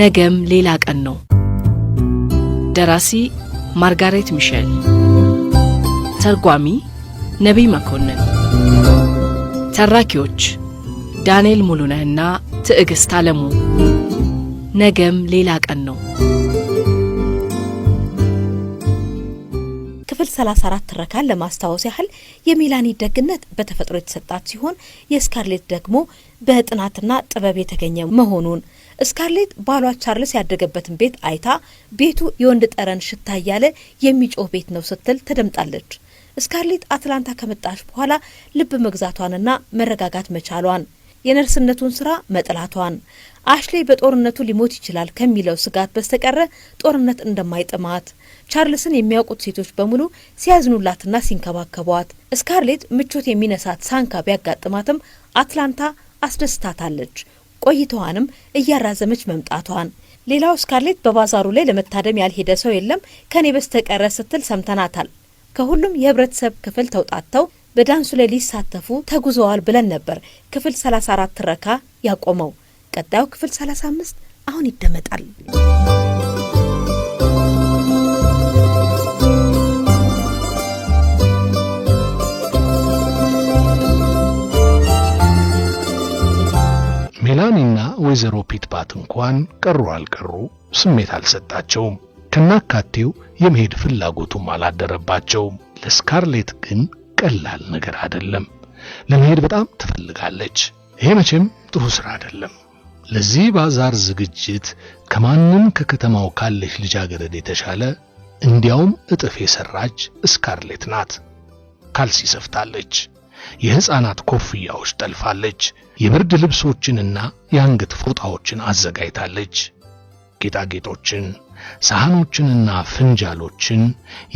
ነገም ሌላ ቀን ነው። ደራሲ ማርጋሬት ሚሼል፣ ተርጓሚ ነቢይ መኮንን፣ ተራኪዎች ዳንኤል ሙሉነህና ትዕግሥት አለሙ። ነገም ሌላ ቀን ነው። ክፍል 34 ትረካን ለማስታወስ ያህል የሚላኒ ደግነት በተፈጥሮ የተሰጣት ሲሆን የስካርሌት ደግሞ በጥናትና ጥበብ የተገኘ መሆኑን ስካርሌት ባሏ ቻርልስ ያደገበትን ቤት አይታ ቤቱ የወንድ ጠረን ሽታ እያለ የሚጮህ ቤት ነው ስትል ተደምጣለች። ስካርሌት አትላንታ ከመጣች በኋላ ልብ መግዛቷንና መረጋጋት መቻሏን የነርስነቱን ስራ መጥላቷን አሽሌ በጦርነቱ ሊሞት ይችላል ከሚለው ስጋት በስተቀረ ጦርነት እንደማይጥማት ቻርልስን የሚያውቁት ሴቶች በሙሉ ሲያዝኑላትና ሲንከባከቧት፣ ስካርሌት ምቾት የሚነሳት ሳንካ ቢያጋጥማትም አትላንታ አስደስታታለች። ቆይታዋንም እያራዘመች መምጣቷን ሌላው ስካርሌት በባዛሩ ላይ ለመታደም ያልሄደ ሰው የለም ከኔ በስተቀረ ስትል ሰምተናታል። ከሁሉም የህብረተሰብ ክፍል ተውጣጥተው በዳንሱ ላይ ሊሳተፉ ተጉዘዋል ብለን ነበር። ክፍል 34 ትረካ ያቆመው ቀጣዩ ክፍል 35 አሁን ይደመጣል። ሜላኒና ወይዘሮ ፒትፓት እንኳን ቀሩ አልቀሩ ስሜት አልሰጣቸውም። ከናካቴው የመሄድ ፍላጎቱም አላደረባቸውም። ለስካርሌት ግን ቀላል ነገር አይደለም። ለመሄድ በጣም ትፈልጋለች። ይሄ መቼም ጥሩ ስራ አይደለም። ለዚህ ባዛር ዝግጅት ከማንም ከከተማው ካለች ልጃገረድ የተሻለ እንዲያውም እጥፍ የሰራች ስካርሌት ናት። ካልሲ ሰፍታለች። የሕፃናት ኮፍያዎች ጠልፋለች። የብርድ ልብሶችንና የአንገት ፎጣዎችን አዘጋጅታለች። ጌጣጌጦችን፣ ሳህኖችንና ፍንጃሎችን፣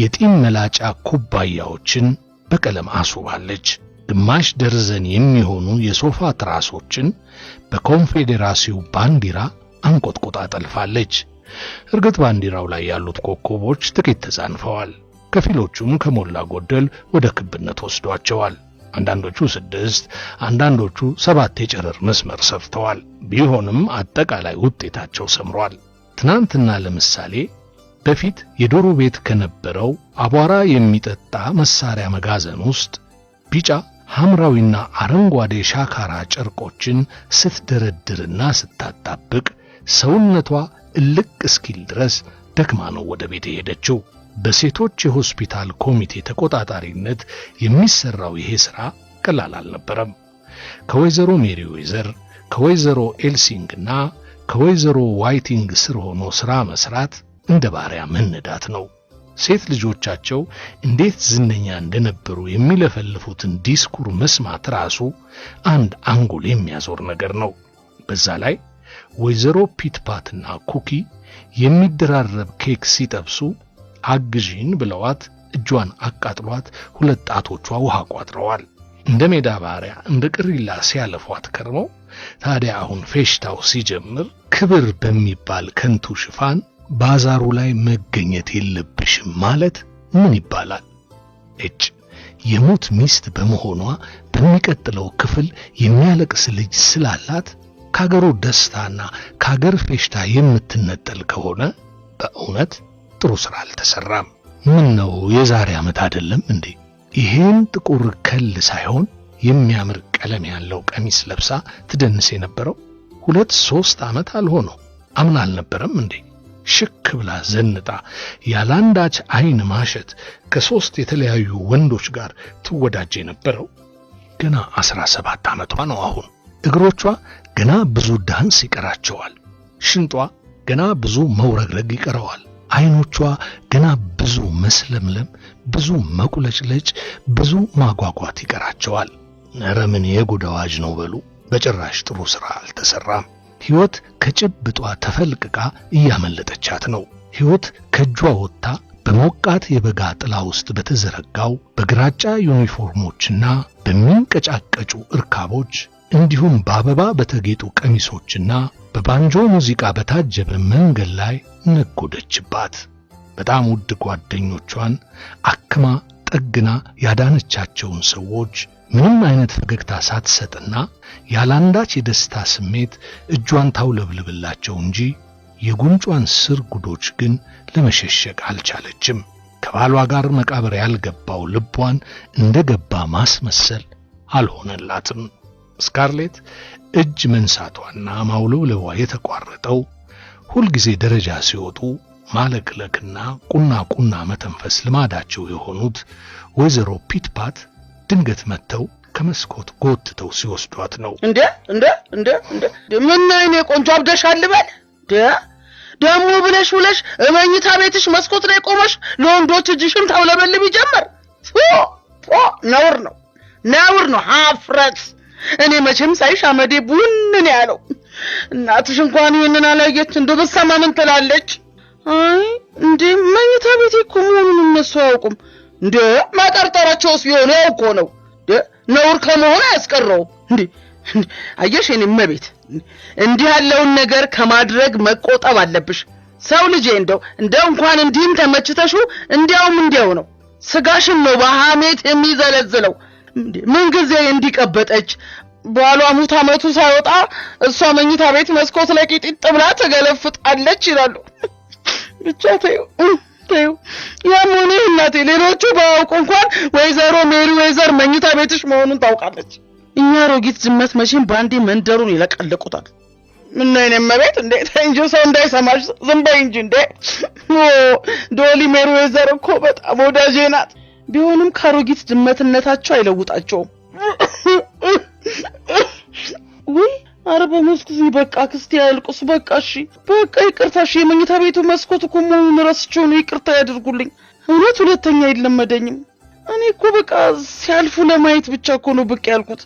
የጢም መላጫ ኩባያዎችን በቀለም አስውባለች። ግማሽ ደርዘን የሚሆኑ የሶፋ ትራሶችን በኮንፌዴራሲው ባንዲራ አንቆጥቁጣ ጠልፋለች። እርግጥ ባንዲራው ላይ ያሉት ኮከቦች ጥቂት ተዛንፈዋል። ከፊሎቹም ከሞላ ጎደል ወደ ክብነት ወስዷቸዋል። አንዳንዶቹ ስድስት፣ አንዳንዶቹ ሰባት የጨረር መስመር ሰፍተዋል። ቢሆንም አጠቃላይ ውጤታቸው ሰምሯል። ትናንትና ለምሳሌ በፊት የዶሮ ቤት ከነበረው አቧራ የሚጠጣ መሳሪያ መጋዘን ውስጥ ቢጫ ሐምራዊና አረንጓዴ ሻካራ ጨርቆችን ስትደረድርና ስታጣብቅ ሰውነቷ እልቅ እስኪል ድረስ ደክማ ነው ወደ ቤት የሄደችው። በሴቶች የሆስፒታል ኮሚቴ ተቆጣጣሪነት የሚሰራው ይሄ ስራ ቀላል አልነበረም። ከወይዘሮ ሜሪ ዌዘር፣ ከወይዘሮ ኤልሲንግና ከወይዘሮ ዋይቲንግ ስር ሆኖ ስራ መስራት እንደ ባሪያ መነዳት ነው። ሴት ልጆቻቸው እንዴት ዝነኛ እንደነበሩ የሚለፈልፉትን ዲስኩር መስማት ራሱ አንድ አንጎል የሚያዞር ነገር ነው። በዛ ላይ ወይዘሮ ፒትፓትና ኩኪ የሚደራረብ ኬክ ሲጠብሱ አግዢን ብለዋት እጇን አቃጥሏት ሁለት ጣቶቿ ውሃ ቋጥረዋል። እንደ ሜዳ ባሪያ እንደ ቅሪላ ሲያለፏት ከርመው ታዲያ አሁን ፌሽታው ሲጀምር ክብር በሚባል ከንቱ ሽፋን ባዛሩ ላይ መገኘት የለብሽም ማለት ምን ይባላል? እጭ የሙት ሚስት በመሆኗ በሚቀጥለው ክፍል የሚያለቅስ ልጅ ስላላት ከአገሩ ደስታና ከአገር ፌሽታ የምትነጠል ከሆነ በእውነት ጥሩ ስራ አልተሰራም። ምን ነው የዛሬ ዓመት አይደለም እንዴ? ይሄን ጥቁር ከል ሳይሆን የሚያምር ቀለም ያለው ቀሚስ ለብሳ ትደንስ የነበረው ሁለት ሶስት ዓመት አልሆነው አምና አልነበረም እንዴ? ሽክ ብላ ዘንጣ ያላንዳች አይን ማሸት ከሶስት የተለያዩ ወንዶች ጋር ትወዳጅ የነበረው ገና አስራ ሰባት ዓመቷ ነው አሁን። እግሮቿ ገና ብዙ ዳንስ ይቀራቸዋል። ሽንጧ ገና ብዙ መውረግረግ ይቀረዋል። አይኖቿ ገና ብዙ መስለምለም፣ ብዙ መቁለጭለጭ፣ ብዙ ማጓጓት ይቀራቸዋል። ኧረ ምን የጉድ አዋጅ ነው በሉ። በጭራሽ ጥሩ ሥራ አልተሠራም። ሕይወት ከጭብጧ ተፈልቅቃ እያመለጠቻት ነው። ሕይወት ከእጇ ወጥታ በሞቃት የበጋ ጥላ ውስጥ በተዘረጋው በግራጫ ዩኒፎርሞችና በሚንቀጫቀጩ እርካቦች እንዲሁም በአበባ በተጌጡ ቀሚሶችና በባንጆ ሙዚቃ በታጀበ መንገድ ላይ ነጎደችባት። በጣም ውድ ጓደኞቿን አክማ ጠግና ያዳነቻቸውን ሰዎች ምንም አይነት ፈገግታ ሳትሰጥና ያላንዳች የደስታ ስሜት እጇን ታውለብልብላቸው እንጂ የጉንጯን ስር ጉዶች ግን ለመሸሸግ አልቻለችም። ከባሏ ጋር መቃብር ያልገባው ልቧን እንደገባ ማስመሰል አልሆነላትም። ስካርሌት እጅ መንሳቷና ማውለብለቧ የተቋረጠው ሁልጊዜ ደረጃ ሲወጡ ማለቅለክና ቁና ቁና መተንፈስ ልማዳቸው የሆኑት ወይዘሮ ፒትፓት ድንገት መጥተው ከመስኮት ጎትተው ሲወስዷት ነው። እንደ እንደ እንደ እንደ ምን አይኔ ቆንጆ አብደሻል ልበል ደ ብለሽ ብለሽ እመኝታ ቤትሽ መስኮት ላይ ቆመሽ ለወንዶች እጅሽን ታውለበልብ ይጀመር። ነውር ነው ነውር ነው ሀፍረት እኔ መቼም ሳይሽ አመዴ ቡን ነው ያለው። እናትሽ እንኳን ይህንን አላየች እንደ በሰማ ምን ትላለች? አይ እንዴ መኝታ ቤቴ እኮ መሆኑን እነሱ አያውቁም እንዴ። ማጠርጠራቸውስ ቢሆን ያው እኮ ነው ነውር ከመሆኑ አያስቀረው እንዴ። አየሽ እኔ መቤት እንዲህ ያለውን ነገር ከማድረግ መቆጠብ አለብሽ። ሰው ልጄ እንደው እንደው እንኳን እንዲህም ተመችተሹ እንዲያውም እንዲያው ነው ስጋሽን ነው በሐሜት የሚዘለዝለው ምንጊዜ እንዲቀበጠች በኋላ ሙት አመቱ ሳይወጣ እሷ መኝታ ቤት መስኮት ላይ ቂጢጥ ብላ ትገለፍጣለች ይላሉ። ብቻ ተይው ተይው። ያም ሆነ እናቴ ሌሎቹ ባያውቁ እንኳን ወይዘሮ ሜሪ ወይዘር መኝታ ቤትሽ መሆኑን ታውቃለች። እኛ ሮጊት ዝመት መቼም በአንዴ መንደሩን ይለቀልቁታል። ምነው የኔ እመቤት እንዴ እንጂ ሰው እንዳይሰማሽ ዝም በይ እንጂ እንዴ። ዶሊ ሜሪ ወይዘር እኮ በጣም ወዳጄ ናት። ቢሆንም ከአሮጊት ድመትነታቸው አይለውጣቸውም። ውይ አረ በመስኩ በቃ ክስቲ ያልቁስ በቃ እሺ በቃ ይቅርታሽ። የመኝታ ቤቱ መስኮት እኮ መሆኑን ረስቼው ነው። ይቅርታ ያደርጉልኝ። እውነት ሁለተኛ አይለመደኝም። እኔ እኮ በቃ ሲያልፉ ለማየት ብቻ እኮ ነው ብቅ ያልኩት።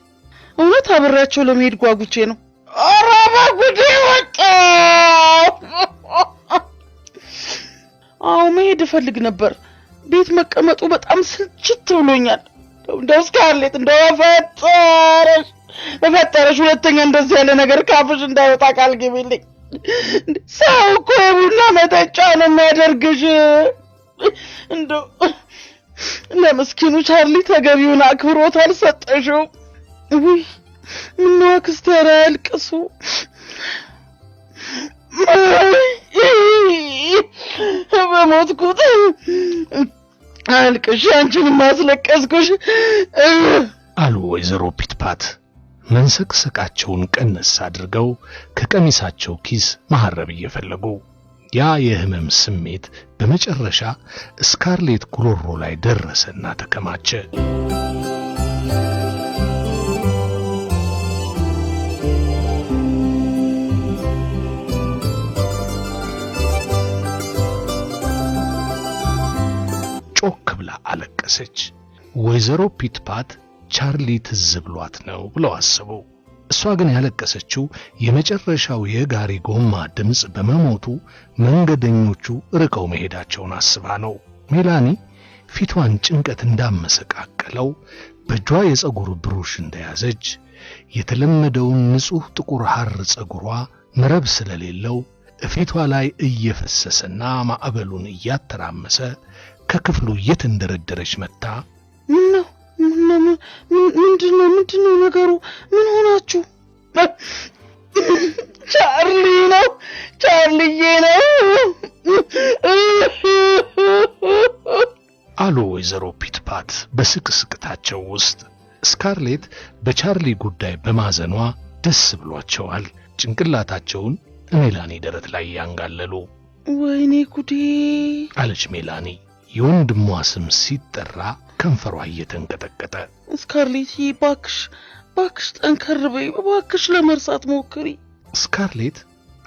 እውነት አብሬያቸው ለመሄድ ጓጉቼ ነው። ኧረ በጉዴ ወጣ። አዎ መሄድ እፈልግ ነበር ቤት መቀመጡ በጣም ስልችት ብሎኛል። እንደው እስካርሌት እንደው በፈጠረሽ በፈጠረሽ ሁለተኛ እንደዚህ ያለ ነገር ካፍሽ እንዳይወጣ ቃል ግቢልኝ። ሰው እኮ የቡና መጠጫ ነው የሚያደርግሽ። እንደው ለምስኪኑ ቻርሊ ተገቢውን አክብሮት አልሰጠሽው። ውይ ምነው አክስቴ፣ ኧረ አልቅሱ በሞትኩት አልቅሽ አንቺን ማስለቀስኩሽ አሉ ወይዘሮ ፒትፓት መንሰቅሰቃቸውን ቀነስ አድርገው ከቀሚሳቸው ኪስ መሐረብ እየፈለጉ። ያ የህመም ስሜት በመጨረሻ እስካርሌት ጉሮሮ ላይ ደረሰና ተከማቸ። ጮክ ብላ አለቀሰች። ወይዘሮ ፒትፓት ቻርሊ ትዝ ብሏት ነው ብለው አስቡ። እሷ ግን ያለቀሰችው የመጨረሻው የጋሪ ጎማ ድምፅ በመሞቱ መንገደኞቹ ርቀው መሄዳቸውን አስባ ነው። ሜላኒ ፊቷን ጭንቀት እንዳመሰቃቀለው በእጇ የፀጉር ብሩሽ እንደያዘች የተለመደውን ንጹሕ ጥቁር ሐር ፀጉሯ መረብ ስለሌለው እፊቷ ላይ እየፈሰሰና ማዕበሉን እያተራመሰ ከክፍሉ እየተንደረደረች መታ ምነው ምንድነው ምንድነው ነገሩ ምን ሆናችሁ ቻርሊ ነው ቻርልዬ ነው አሉ ወይዘሮ ፒትፓት በስቅስቅታቸው ውስጥ ስካርሌት በቻርሊ ጉዳይ በማዘኗ ደስ ብሏቸዋል ጭንቅላታቸውን ሜላኒ ደረት ላይ ያንጋለሉ ወይኔ ጉዴ አለች ሜላኒ የወንድሟ ስም ሲጠራ ከንፈሯ እየተንቀጠቀጠ ስካርሌት፣ ባክሽ ባክሽ፣ ጠንከር በይ ባክሽ፣ ለመርሳት ሞክሪ። ስካርሌት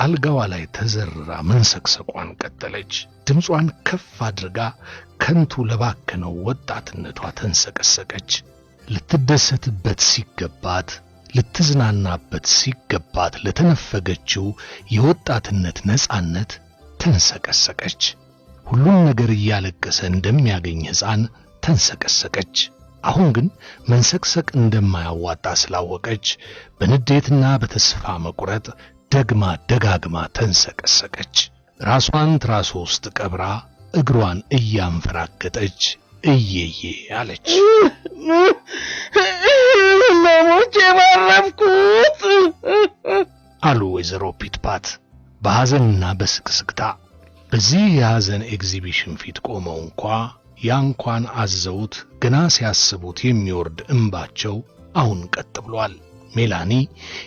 አልጋዋ ላይ ተዘርራ መንሰቅሰቋን ቀጠለች። ድምጿን ከፍ አድርጋ ከንቱ ለባከነው ወጣትነቷ ተንሰቀሰቀች። ልትደሰትበት ሲገባት፣ ልትዝናናበት ሲገባት ለተነፈገችው የወጣትነት ነፃነት ተንሰቀሰቀች። ሁሉም ነገር እያለቀሰ እንደሚያገኝ ሕፃን ተንሰቀሰቀች። አሁን ግን መንሰቅሰቅ እንደማያዋጣ ስላወቀች በንዴትና በተስፋ መቁረጥ ደግማ ደጋግማ ተንሰቀሰቀች። ራሷን ትራሶ ውስጥ ቀብራ እግሯን እያንፈራገጠች እየዬ አለች። ለሞቼ ማረፍኩት አሉ ወይዘሮ ፒትፓት በሐዘንና በስቅስቅታ በዚህ የሐዘን ኤግዚቢሽን ፊት ቆመው እንኳ ያንኳን አዘውት ገና ሲያስቡት የሚወርድ እምባቸው አሁን ቀጥ ብሏል። ሜላኒ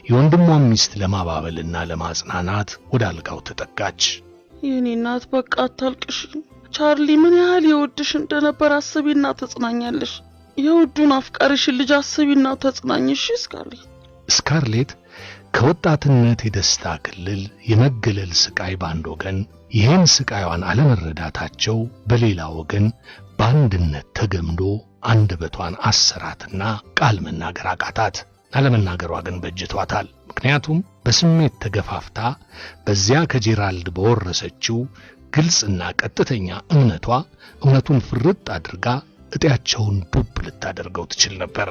የወንድሟን ሚስት ለማባበልና ለማጽናናት ወደ አልጋው ተጠጋች። የእኔ እናት በቃ አታልቅሽ። ቻርሊ ምን ያህል የውድሽ እንደነበር አስቢና ተጽናኛለሽ። የውዱን አፍቃሪሽን ልጅ አስቢና ተጽናኝሽ። ስካርሌት ስካርሌት ከወጣትነት የደስታ ክልል የመገለል ስቃይ ባንድ ወገን ይህን ስቃይዋን አለመረዳታቸው በሌላ ወገን በአንድነት ተገምዶ አንደበቷን አሰራትና ቃል መናገር አቃታት። አለመናገሯ ግን በጅቷታል። ምክንያቱም በስሜት ተገፋፍታ በዚያ ከጄራልድ በወረሰችው ግልጽና ቀጥተኛ እምነቷ እውነቱን ፍርጥ አድርጋ እጢያቸውን ዱብ ልታደርገው ትችል ነበር።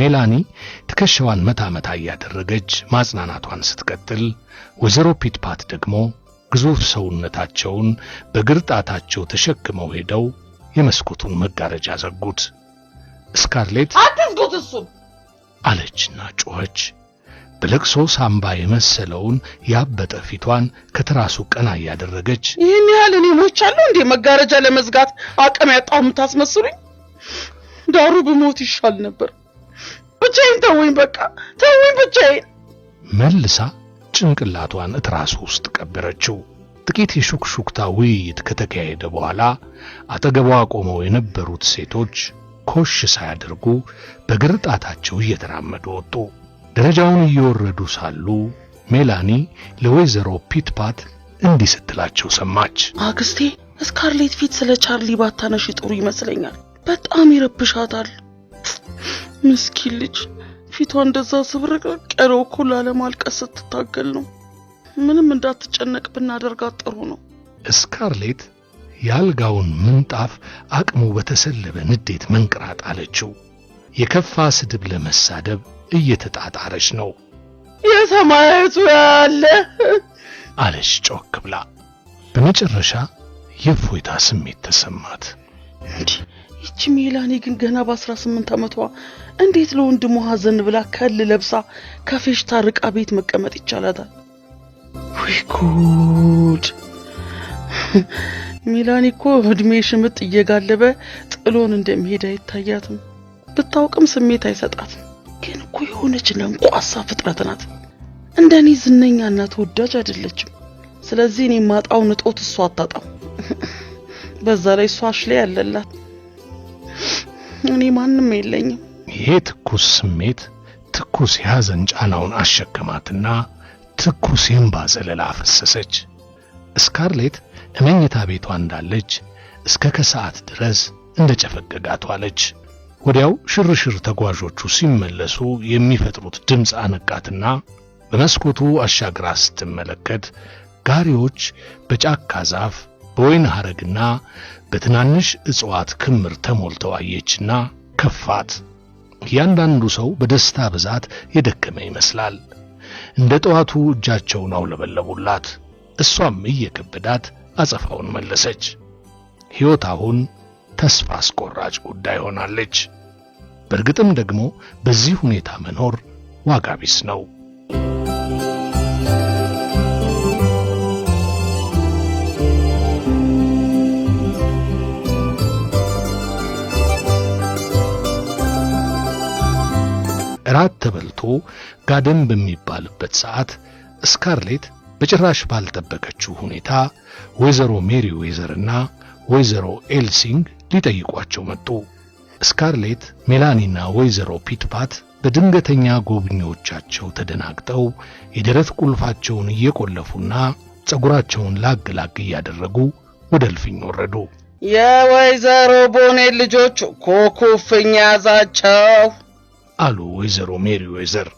ሜላኒ ትከሻዋን መታ መታ እያደረገች ማጽናናቷን ስትቀጥል፣ ወይዘሮ ፒትፓት ደግሞ ግዙፍ ሰውነታቸውን በግርጣታቸው ተሸክመው ሄደው የመስኮቱን መጋረጃ ዘጉት። ስካርሌት አትዝጉት እሱም አለችና ጮኸች። በለቅሶ ሳምባ የመሰለውን ያበጠ ፊቷን ከትራሱ ቀና እያደረገች ይህን ያህል እኔ ሞቻለሁ እንዴ? መጋረጃ ለመዝጋት አቅም ያጣሁ የምታስመስሉኝ? ዳሩ ብሞት ይሻል ነበር። ብቻዬን ተውኝ፣ በቃ ተውኝ ብቻዬን መልሳ ጭንቅላቷን እትራሱ ውስጥ ቀበረችው። ጥቂት የሹክሹክታ ውይይት ከተካሄደ በኋላ አጠገቧ ቆመው የነበሩት ሴቶች ኮሽ ሳያደርጉ በግርጣታቸው እየተራመዱ ወጡ። ደረጃውን እየወረዱ ሳሉ ሜላኒ ለወይዘሮ ፒትፓት እንዲህ ስትላቸው ሰማች። አክስቴ ስካርሌት ፊት ስለ ቻርሊ ባታነሽ ጥሩ ይመስለኛል። በጣም ይረብሻታል። ምስኪን ልጅ ፊቷ እንደዛ ስብርቅርቅ ያለው እኮ ላለማልቀስ ስትታገል ነው። ምንም እንዳትጨነቅ ብናደርጋት ጥሩ ነው። እስካርሌት የአልጋውን ምንጣፍ አቅሙ በተሰለበ ንዴት መንቅራት አለችው። የከፋ ስድብ ለመሳደብ እየተጣጣረች ነው። የሰማያቱ ያለ አለች ጮክ ብላ። በመጨረሻ የእፎይታ ስሜት ተሰማት። ይቺ ሚላኒ ግን ገና በ18 ዓመቷ እንዴት ለወንድሟ ሀዘን ብላ ከል ለብሳ ከፌሽታ ርቃ ቤት መቀመጥ ይቻላታል? ወይ ጉድ! ሜላኒ እኮ እድሜ ሽምጥ እየጋለበ ጥሎን እንደሚሄድ አይታያትም። ብታውቅም ስሜት አይሰጣትም። ግን እኮ የሆነች ለንቋሳ ፍጥረት ናት። እንደ እኔ ዝነኛና ተወዳጅ አይደለችም። ስለዚህ እኔ ማጣው ንጦት እሷ አታጣም። በዛ ላይ እሷ አሽሌ ያለላት እኔ ማንም የለኝም። ይሄ ትኩስ ስሜት ትኩስ የሐዘን ጫናውን አሸከማትና ትኩስ የእንባ ዘለላ አፈሰሰች። ስካርሌት እመኝታ ቤቷ እንዳለች እስከ ከሰዓት ድረስ እንደ ጨፈገጋት ዋለች። ወዲያው ሽርሽር ተጓዦቹ ሲመለሱ የሚፈጥሩት ድምፅ አነቃትና በመስኮቱ አሻግራ ስትመለከት ጋሪዎች በጫካ ዛፍ በወይን ሐረግና በትናንሽ እጽዋት ክምር ተሞልተው አየችና ከፋት። እያንዳንዱ ሰው በደስታ ብዛት የደከመ ይመስላል። እንደ ጠዋቱ እጃቸውን አውለበለቡላት። እሷም እየከበዳት አጸፋውን መለሰች። ሕይወት አሁን ተስፋ አስቆራጭ ጉዳይ ሆናለች። በእርግጥም ደግሞ በዚህ ሁኔታ መኖር ዋጋ ቢስ ነው። እራት ተበልቶ ጋደም በሚባልበት ሰዓት ስካርሌት በጭራሽ ባልጠበቀችው ሁኔታ ወይዘሮ ሜሪ ዌዘርና ወይዘሮ ኤልሲንግ ሊጠይቋቸው መጡ። ስካርሌት፣ ሜላኒና ወይዘሮ ፒትፓት በድንገተኛ ጎብኚዎቻቸው ተደናግጠው የደረት ቁልፋቸውን እየቆለፉና ጸጉራቸውን ላግ ላግ እያደረጉ ወደ እልፍኝ ወረዱ። የወይዘሮ ቦኔ ልጆች ኮኩፍኝ ያዛቸው አሉ ወይዘሮ ሜሪ ሜሪዌዘር።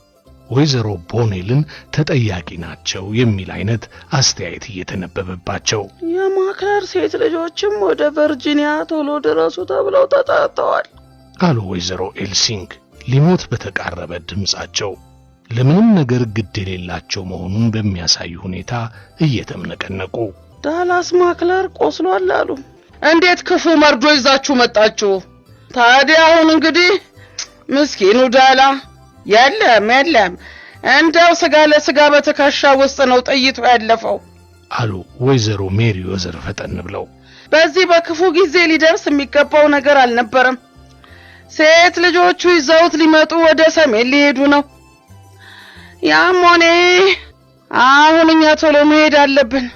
ወይዘሮ ቦኔልን ተጠያቂ ናቸው የሚል አይነት አስተያየት እየተነበበባቸው፣ የማክለር ሴት ልጆችም ወደ ቨርጂኒያ ቶሎ ድረሱ ተብለው ተጠርተዋል አሉ ወይዘሮ ኤልሲንግ ሊሞት በተቃረበ ድምፃቸው ለምንም ነገር ግድ የሌላቸው መሆኑን በሚያሳይ ሁኔታ እየተምነቀነቁ ዳላስ ማክለር ቆስሏል አሉ። እንዴት ክፉ መርዶ ይዛችሁ መጣችሁ ታዲያ? አሁን እንግዲህ ምስኪኑ ዳላ የለም የለም፣ እንደው ስጋ ለስጋ በትከሻ ውስጥ ነው ጠይቶ ያለፈው አሉ ወይዘሮ ሜሪ ወዘር ፈጠን ብለው። በዚህ በክፉ ጊዜ ሊደርስ የሚገባው ነገር አልነበረም። ሴት ልጆቹ ይዘውት ሊመጡ ወደ ሰሜን ሊሄዱ ነው። ያም ሆኔ አሁን እኛ ቶሎ መሄድ አለብን።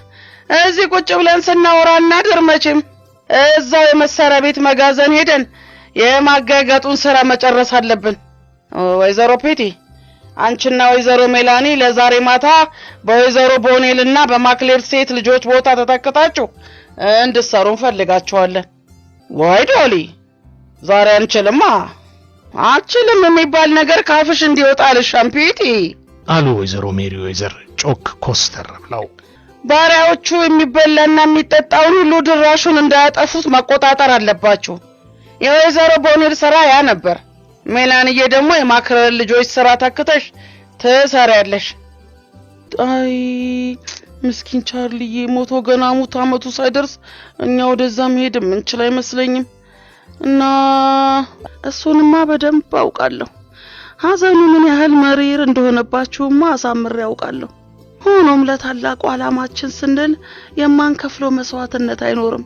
እዚህ ቁጭ ብለን ስናወራ እናድር። መቼም እዛው የመሳሪያ ቤት መጋዘን ሄደን የማጋጋጡን ስራ መጨረስ አለብን። ወይዘሮ ፔቲ አንቺና ወይዘሮ ሜላኒ ለዛሬ ማታ በወይዘሮ ቦኔልና በማክሌር ሴት ልጆች ቦታ ተተክታችሁ እንድትሰሩ እንፈልጋችኋለን። ወይ ዶሊ ዛሬ አንችልማ። አንችልም የሚባል ነገር ካፍሽ እንዲወጣ አልሻም ፔቲ አሉ ወይዘሮ ሜሪ ወይዘር ጮክ ኮስተር ብለው። ባሪያዎቹ የሚበላና የሚጠጣውን ሁሉ ድራሹን እንዳያጠፉት መቆጣጠር አለባችሁ። የወይዘሮ ቦኔል ስራ ያ ነበር። ሜላንዬ ደግሞ የማክረን ልጆች ስራ ታክተሽ ትሰሪያለሽ። አይ ምስኪን ቻርልዬ ሞቶ ገና ሙት አመቱ ሳይደርስ እኛ ወደዛ መሄድ የምንችል አይመስለኝም። እና እሱንማ በደንብ አውቃለሁ። ሀዘኑ ምን ያህል መሪር እንደሆነባችሁማ አሳምሬ ያውቃለሁ። ሆኖም ለታላቁ ዓላማችን ስንል የማንከፍለው መስዋዕትነት አይኖርም።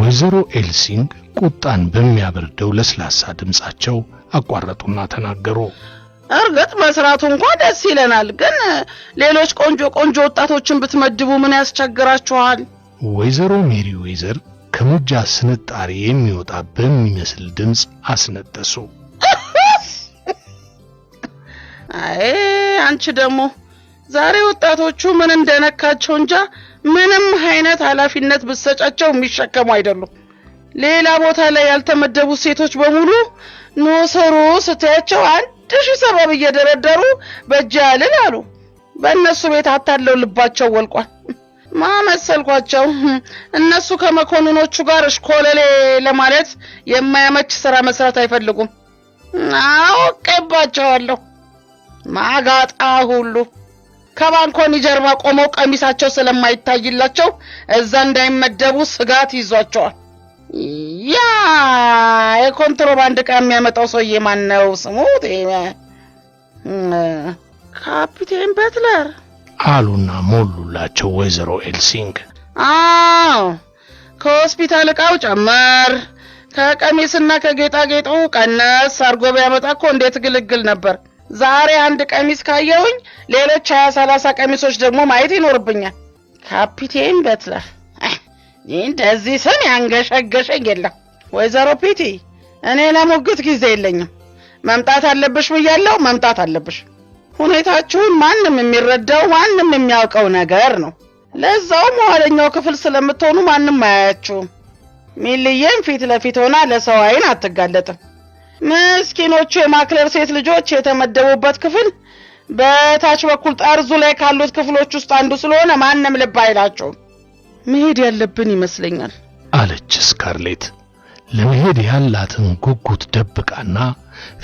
ወይዘሮ ኤልሲንግ ቁጣን በሚያበርደው ለስላሳ ድምፃቸው አቋረጡና ተናገሩ። እርግጥ መስራቱ እንኳ ደስ ይለናል፣ ግን ሌሎች ቆንጆ ቆንጆ ወጣቶችን ብትመድቡ ምን ያስቸግራችኋል? ወይዘሮ ሜሪ ወይዘር ከሙጃ ስንጣሪ የሚወጣ በሚመስል ድምፅ አስነጠሱ። አይ አንቺ ደግሞ ዛሬ ወጣቶቹ ምን እንደነካቸው እንጃ፣ ምንም አይነት ኃላፊነት ብትሰጫቸው የሚሸከሙ አይደሉም። ሌላ ቦታ ላይ ያልተመደቡ ሴቶች በሙሉ ኑ ስሩ ስትያቸው አንድ ሺህ ሰበብ እየደረደሩ በእጅ አሉ። በእነሱ ቤት አታለው ልባቸው ወልቋል። ማመሰልኳቸው እነሱ ከመኮንኖቹ ጋር እሽኮለሌ ለማለት የማያመች ስራ መስራት አይፈልጉም። አውቄባቸዋለሁ። ማጋጣ ሁሉ ከባንኮኒ ጀርባ ቆመው ቀሚሳቸው ስለማይታይላቸው እዛ እንዳይመደቡ ስጋት ይዟቸዋል። ያ የኮንትሮባንድ ዕቃ የሚያመጣው ሰውዬ ማን ነው ስሙ? ካፒቴን በትለር አሉና ሞሉላቸው ወይዘሮ ኤልሲንግ። አዎ ከሆስፒታል ዕቃው ጨመር፣ ከቀሚስና ከጌጣጌጡ ቀነስ አድርጎ ቢያመጣ እኮ እንዴት ግልግል ነበር። ዛሬ አንድ ቀሚስ ካየውኝ ሌሎች ሀያ ሰላሳ ቀሚሶች ደግሞ ማየት ይኖርብኛል። ካፒቴን በትለር እንደዚህ ስም ያንገሸገሸኝ የለም። ወይዘሮ ፒቲ እኔ ለሙግት ጊዜ የለኝም። መምጣት አለብሽ ብያለሁ፣ መምጣት አለብሽ። ሁኔታችሁን ማንም የሚረዳው ማንም የሚያውቀው ነገር ነው። ለዛውም ኋለኛው ክፍል ስለምትሆኑ ማንም አያያችሁም። ሚልዬም ፊት ለፊት ሆና ለሰው አይን አትጋለጥም። ምስኪኖቹ የማክለር ሴት ልጆች የተመደቡበት ክፍል በታች በኩል ጠርዙ ላይ ካሉት ክፍሎች ውስጥ አንዱ ስለሆነ ማንም ልብ አይላቸውም። መሄድ ያለብን ይመስለኛል አለች ስካርሌት ለመሄድ ያላትን ጉጉት ደብቃና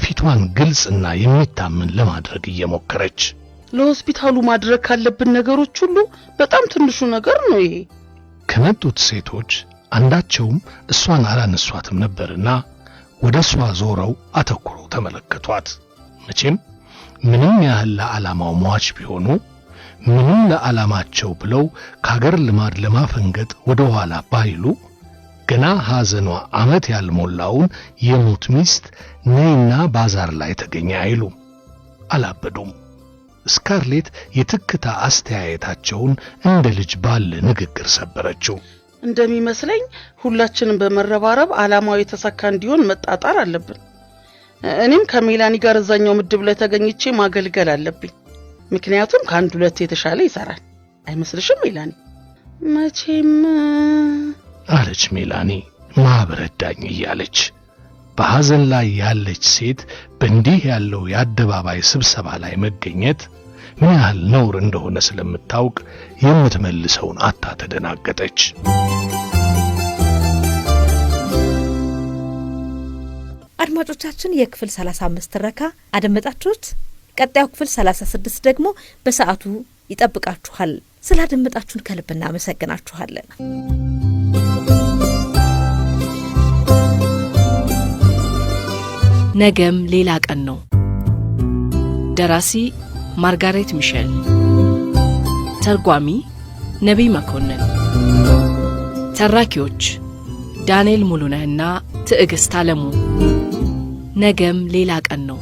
ፊቷን ግልጽና የሚታመን ለማድረግ እየሞከረች ለሆስፒታሉ ማድረግ ካለብን ነገሮች ሁሉ በጣም ትንሹ ነገር ነው ይሄ። ከመጡት ሴቶች አንዳቸውም እሷን አላነሷትም ነበርና ወደ እሷ ዞረው አተኩረው ተመለከቷት። መቼም ምንም ያህል ለዓላማው ሟች ቢሆኑ ምንም ለዓላማቸው ብለው ከአገር ልማድ ለማፈንገጥ ወደ ኋላ ባይሉ ገና ሐዘኗ ዓመት ያልሞላውን የሙት ሚስት ነይና ባዛር ላይ ተገኘ አይሉ አላበዱም። ስካርሌት የትክታ አስተያየታቸውን እንደ ልጅ ባለ ንግግር ሰበረችው። እንደሚመስለኝ ሁላችንም በመረባረብ ዓላማው የተሳካ እንዲሆን መጣጣር አለብን። እኔም ከሜላኒ ጋር እዛኛው ምድብ ላይ ተገኝቼ ማገልገል አለብኝ። ምክንያቱም ከአንድ ሁለት የተሻለ ይሰራል አይመስልሽም ሜላኒ? መቼም አለች ሜላኒ ማብረዳኝ እያለች በሐዘን ላይ ያለች ሴት በእንዲህ ያለው የአደባባይ ስብሰባ ላይ መገኘት ምን ያህል ነውር እንደሆነ ስለምታውቅ የምትመልሰውን አታ ተደናገጠች። አድማጮቻችን የክፍል 35 ትረካ አደመጣችሁት። ቀጣዩ ክፍል 36 ደግሞ በሰዓቱ ይጠብቃችኋል። ስላደመጣችሁን ከልብ እናመሰግናችኋለን። ነገም ሌላ ቀን ነው። ደራሲ ማርጋሬት ሚሸል፣ ተርጓሚ ነቢይ መኮንን፣ ተራኪዎች ዳንኤል ሙሉነህና ትዕግሥት አለሙ። ነገም ሌላ ቀን ነው።